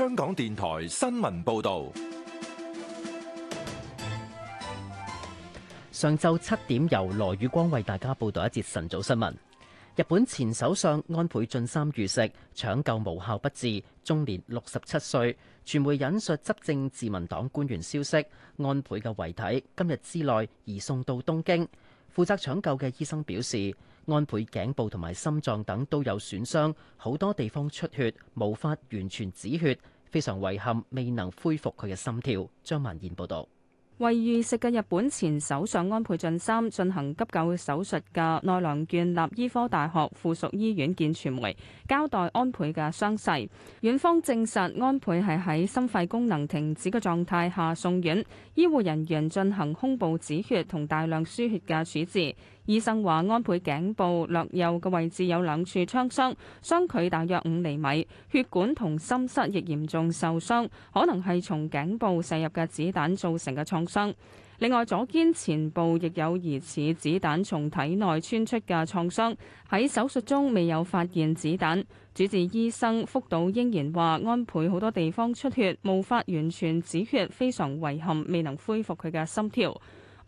香港電台新聞報道，上晝七點由羅宇光為大家報道一節晨早新聞。日本前首相安倍晉三遇襲搶救無效不治，終年六十七歲。傳媒引述執政自民黨官員消息，安倍嘅遺體今日之內移送到東京。負責搶救嘅醫生表示。安倍頸部同埋心臟等都有損傷，好多地方出血，無法完全止血，非常遺憾，未能恢復佢嘅心跳。張曼燕報道，為遇襲嘅日本前首相安倍晉三進行急救手術嘅奈良縣立醫科大學附屬醫院見傳媒，交代安倍嘅傷勢。院方證實安倍係喺心肺功能停止嘅狀態下送院，醫護人員進行胸部止血同大量輸血嘅處置。醫生話：安倍頸部略右嘅位置有兩處槍傷，相距大約五厘米，血管同心室亦嚴重受傷，可能係從頸部射入嘅子彈造成嘅創傷。另外，左肩前部亦有疑似子彈從體內穿出嘅創傷。喺手術中未有發現子彈。主治醫生福島英然話：安倍好多地方出血，無法完全止血，非常遺憾，未能恢復佢嘅心跳。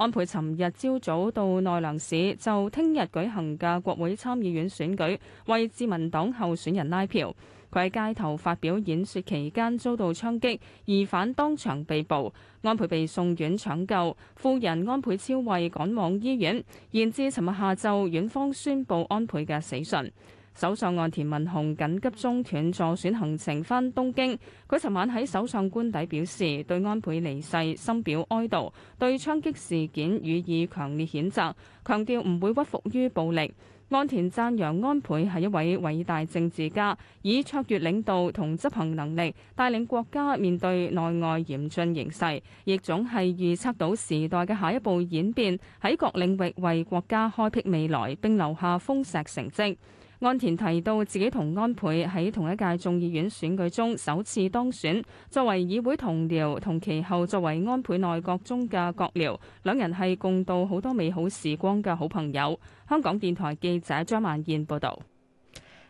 安倍尋日朝早到奈良市，就聽日舉行嘅國會參議院選舉為自民黨候選人拉票。佢喺街頭發表演說期間遭到槍擊，疑犯當場被捕。安倍被送院搶救，夫人安倍昭惠趕往醫院，延至尋日下晝院方宣布安倍嘅死訊。首相岸田文雄緊急中斷助選行程，返東京。佢尋晚喺首相官邸表示，對安倍離世深表哀悼，對槍擊事件予以強烈譴責，強調唔會屈服於暴力。岸田讚揚安倍係一位偉大政治家，以卓越領導同執行能力帶領國家面對內外嚴峻形勢，亦總係預測到時代嘅下一步演變，喺各領域為國家開闢未來並留下豐碩成績。岸田提到自己同安倍喺同一屆眾議院選舉中首次當選，作為議會同僚，同其後作為安倍內閣中嘅閣僚，兩人係共度好多美好時光嘅好朋友。香港電台記者張萬燕報道。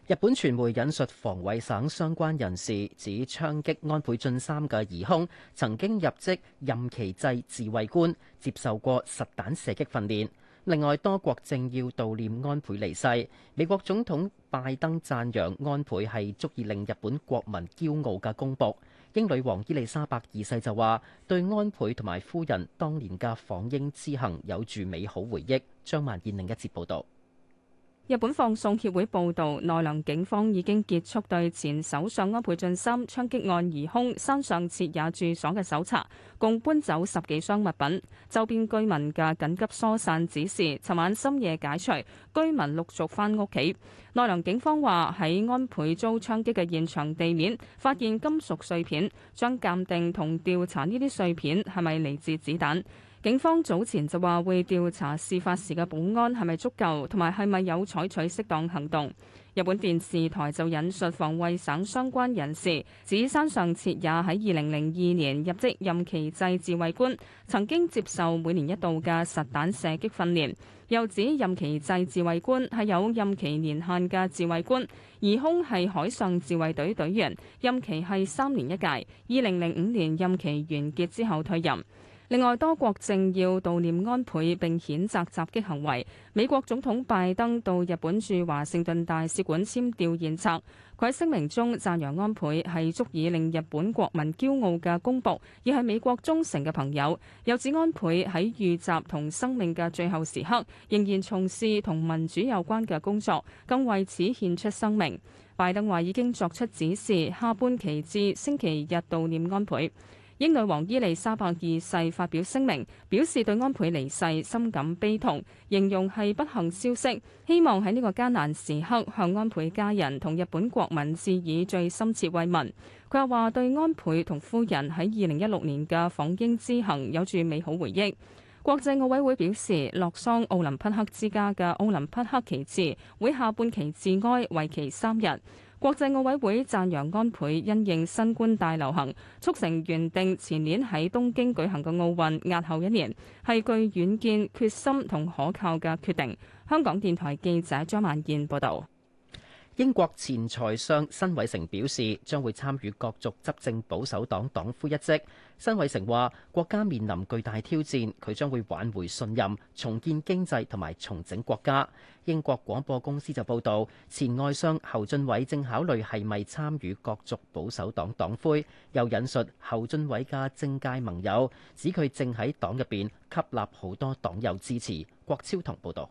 日本傳媒引述防衛省相關人士指，槍擊安倍晉三嘅疑凶曾經入職任期制自衛官，接受過實彈射擊訓練。另外，多國政要悼念安倍離世。美國總統拜登讚揚安倍係足以令日本國民驕傲嘅公僕。英女王伊麗莎白二世就話：對安倍同埋夫人當年嘅訪英之行有住美好回憶。張曼燕另一節報導。日本放送協會報道，奈良警方已經結束對前首相安倍晉三槍擊案疑凶山上徹也住所嘅搜查，共搬走十幾箱物品。周邊居民嘅緊急疏散指示，尋晚深夜解除，居民陸續翻屋企。奈良警方話喺安倍遭槍擊嘅現場地面，發現金屬碎片，將鑑定同調查呢啲碎片係咪嚟自子彈。警方早前就話會調查事發時嘅保安係咪足夠，同埋係咪有採取適當行動。日本電視台就引述防衛省相關人士，指山上徹也喺二零零二年入職，任期制自衛官，曾經接受每年一度嘅實彈射擊訓練。又指任期制自衛官係有任期年限嘅自衛官，疑兇係海上自衛隊隊員，任期係三年一屆。二零零五年任期完結之後退任。另外，多國政要悼念安倍並譴責襲，襲擊行為。美國總統拜登到日本駐華盛頓大使館簽悼唁冊。佢喺聲明中讚揚安倍係足以令日本國民驕傲嘅公僕，亦係美國忠誠嘅朋友。又指安倍喺遇襲同生命嘅最後時刻，仍然從事同民主有關嘅工作，更為此獻出生命。拜登話已經作出指示，下半旗至星期日悼念安倍。英女王伊麗莎白二世發表聲明，表示對安倍離世深感悲痛，形容係不幸消息，希望喺呢個艱難時刻向安倍家人同日本國民致以最深切慰問。佢又話對安倍同夫人喺二零一六年嘅訪英之行有住美好回憶。國際奧委會表示，洛桑奧林匹克之家嘅奧林匹克旗幟會下半旗致哀，為期三日。國際奧委會讚揚安倍因應新冠大流行，促成原定前年喺東京舉行嘅奧運押後一年，係具遠見、決心同可靠嘅決定。香港電台記者張曼燕報導。英國前財相辛偉成表示，將會參與角逐執政保守黨黨魁一職。辛偉成話：國家面臨巨大挑戰，佢將會挽回信任、重建經濟同埋重整國家。英國廣播公司就報道，前外相侯俊偉正考慮係咪參與角逐保守黨黨魁。又引述侯俊偉嘅政界盟友指，佢正喺黨入邊吸納好多黨友支持。郭超同報導。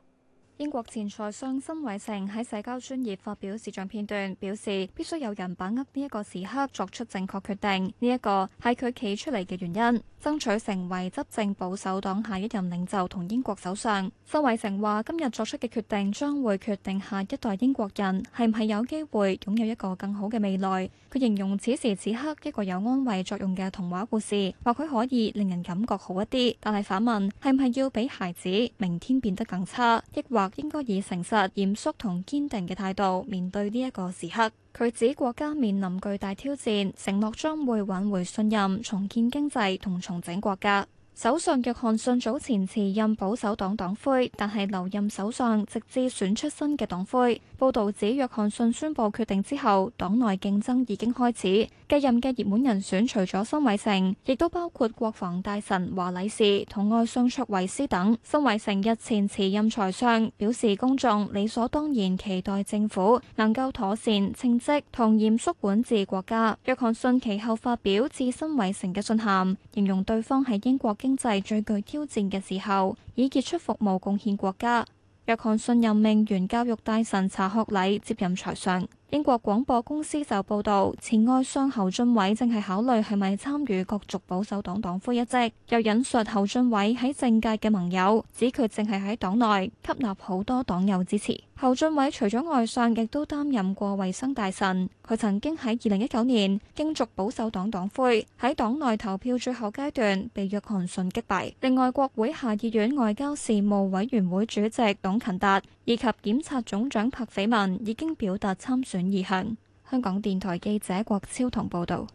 英國前財相辛偉成喺社交專頁發表視像片段，表示必須有人把握呢一個時刻作出正確決定，呢一個係佢企出嚟嘅原因，爭取成為執政保守黨下一任領袖同英國首相。辛偉成話：今日作出嘅決定將會決定下一代英國人係唔係有機會擁有一個更好嘅未來。佢形容此時此刻一個有安慰作用嘅童話故事，話佢可以令人感覺好一啲。但係反問係唔係要俾孩子明天變得更差，抑或？應該以誠實、嚴肅同堅定嘅態度面對呢一個時刻。佢指國家面臨巨大挑戰，承諾將會挽回信任，重建經濟，同重整國家。首相約翰遜早前辭任保守黨黨魁，但係留任首相直至選出新嘅黨魁。報道指約翰遜宣布決定之後，黨內競爭已經開始。繼任嘅熱門人選除咗辛偉成，亦都包括國防大臣華禮士同外相卓慧思等。辛偉成日前辭任財相，表示公眾理所當然期待政府能夠妥善稱職同嚴肅管治國家。約翰遜其後發表致辛偉成嘅信函，形容對方喺英國經濟最具挑戰嘅時候，以傑出服務貢獻國家。約翰遜任命原教育大臣查克禮接任財相。英國廣播公司就報道，前外相侯俊偉正係考慮係咪參與角逐保守黨黨魁一職。又引述侯俊偉喺政界嘅盟友，指佢正係喺黨內吸納好多黨友支持。侯俊偉除咗外相，亦都擔任過衛生大臣。佢曾經喺二零一九年競逐保守黨黨黨魁，喺黨內投票最後階段被約翰遜擊敗，另外，國會下議院外交事務委員會主席董勤達以及檢察總長帕斐文，已經表達參選意向。香港電台記者郭超同報道。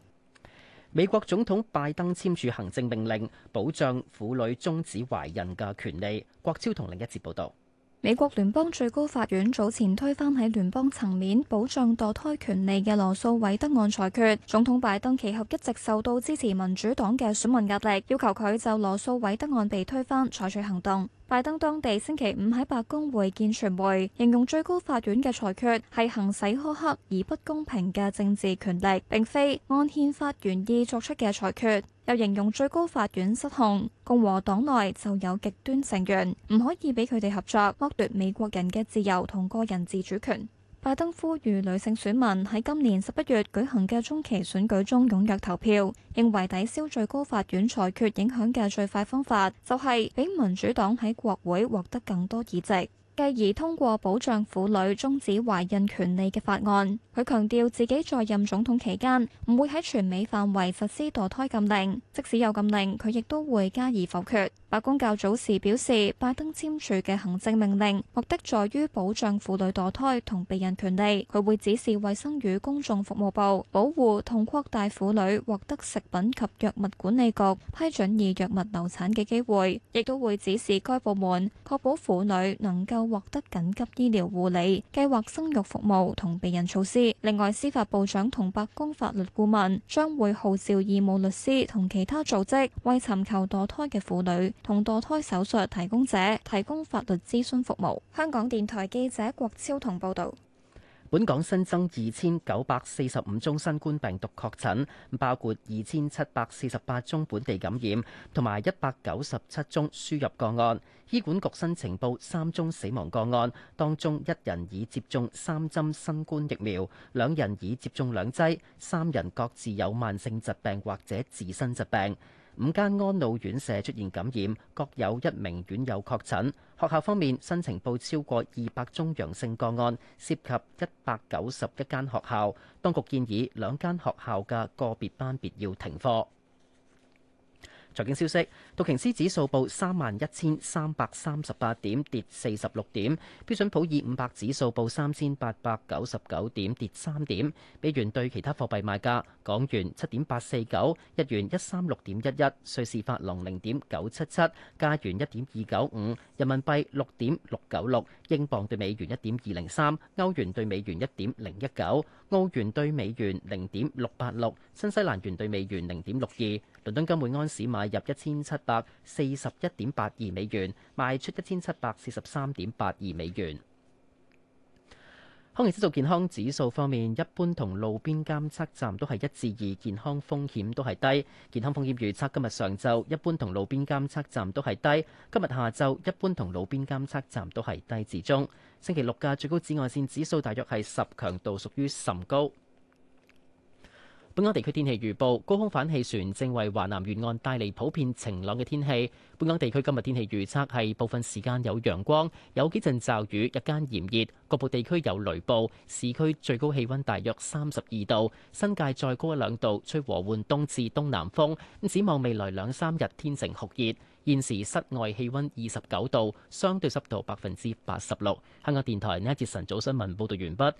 美國總統拜登簽署行政命令，保障婦女終止懷孕嘅權利。郭超同另一節報道。美國聯邦最高法院早前推翻喺聯邦層面保障墮胎權利嘅羅素韋德案裁決，總統拜登其後一直受到支持民主黨嘅選民壓力，要求佢就羅素韋德案被推翻採取行動。拜登當地星期五喺白宮會見傳媒，形容最高法院嘅裁決係行使苛刻而不公平嘅政治權力，並非按憲法原意作出嘅裁決。又形容最高法院失控，共和黨內就有極端成員，唔可以俾佢哋合作，剝奪美國人嘅自由同個人自主權。拜登呼籲女性選民喺今年十一月舉行嘅中期選舉中踊躍投票，認為抵，抵消最高法院裁決影響嘅最快方法，就係俾民主黨喺國會獲得更多議席。繼而通過保障婦女終止懷孕權利嘅法案。佢強調自己在任總統期間唔會喺全美範圍實施墮胎禁令，即使有禁令，佢亦都會加以否決。白宮較早時表示，拜登簽署嘅行政命令目的在於保障婦女墮胎同避孕權利。佢會指示衛生與公眾服務部保護同擴大婦女獲得食品及藥物管理局批准以藥物流產嘅機會，亦都會指示該部門確保婦女能夠獲得緊急醫療護理、計劃生育服務同避孕措施。另外，司法部長同白宮法律顧問將會號召義務律師同其他組織為尋求墮胎嘅婦女。同墮胎手術提供者提供法律諮詢服務。香港電台記者郭超同報導。本港新增二千九百四十五宗新冠病毒確診，包括二千七百四十八宗本地感染，同埋一百九十七宗輸入個案。醫管局新呈報三宗死亡個案，當中一人已接種三針新冠疫苗，兩人已接種兩劑，三人各自有慢性疾病或者自身疾病。五間安老院舍出現感染，各有一名院友確診。學校方面，申請報超過二百宗陽性個案，涉及一百九十一間學校。當局建議兩間學校嘅個別班別要停課。財經消息：道瓊斯指數報三萬一千三百三十八點，跌四十六點，標準普爾五百指數報三千八百九十九點，跌三點，美元兌其他貨幣賣價，港元七點八四九，日元一三六點一一，瑞士法郎零點九七七，加元一點二九五，人民幣六點六九六，英鎊兌美元一點二零三，歐元兌美元一點零一九，澳元兌美元零點六八六，新西蘭元兌美元零點六二。倫敦金每安士買入一千七百四十一點八二美元，賣出一千七百四十三點八二美元。空氣質素健康指數方面，一般同路邊監測站都係一至二，健康風險都係低。健康風險預測今日上晝一般同路邊監測站都係低，今日下晝一般同路邊監測站都係低至中。星期六嘅最高紫外線指數大約係十，強度屬於甚高。本港地區天氣預報，高空反氣旋正為華南沿岸帶嚟普遍晴朗嘅天氣。本港地區今日天氣預測係部分時間有陽光，有幾陣驟雨，日間炎熱，局部地區有雷暴。市區最高氣温大約三十二度，新界再高一兩度，吹和緩東至東南風。咁展望未來兩三日天晴酷熱。現時室外氣温二十九度，相對濕度百分之八十六。香港電台呢一節晨早新聞報道完畢。